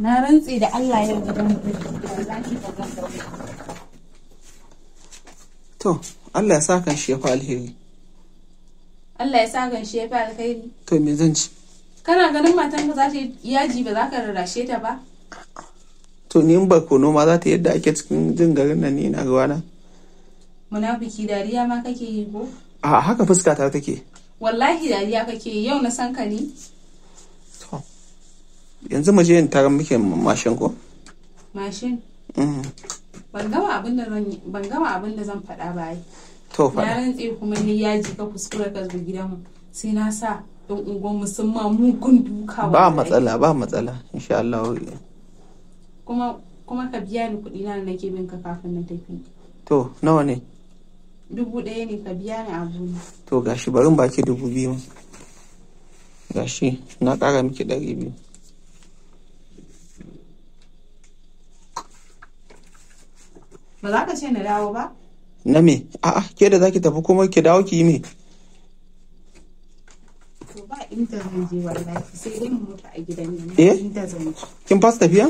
na rantse da Allah ya gidan to Allah ya sa kan shi ya fi alheri Allah ya sa kan shi ya fi alheri to me zan ci kana ganin matan ba za ta yi yaji ba za ka rarrashe ta ba to ni ba kono ma za ta yadda ake cikin jin garin nan ne na gawana munafiki dariya ma kake yi ko a haka fuska ta take wallahi dariya kake yau na san ka ne yanzu mu je in tarar muke mashin ko mashin mm. ban gama abin da ban gama abin da zan faɗa ba to fa na rantse kuma ni yaji ka kuskura ka zo gidanmu sai na sa don ungon musamman mugun duka ba matsala ba matsala insha Allah kuma kuma ka biya ni kuɗi na nake bin ka kafin na tafi to nawa ne dubu ɗaya ne ka biya ni abu to gashi barin baki dubu biyu gashi na ƙara miki ɗari biyu ba za ka ce na dawo ba na me a'a ke da zaki tafi kuma ki dawo ki yi me ba inda zan je wallahi sai dai mu mutu a gidan nan eh? inda zan je kin fasa tafiya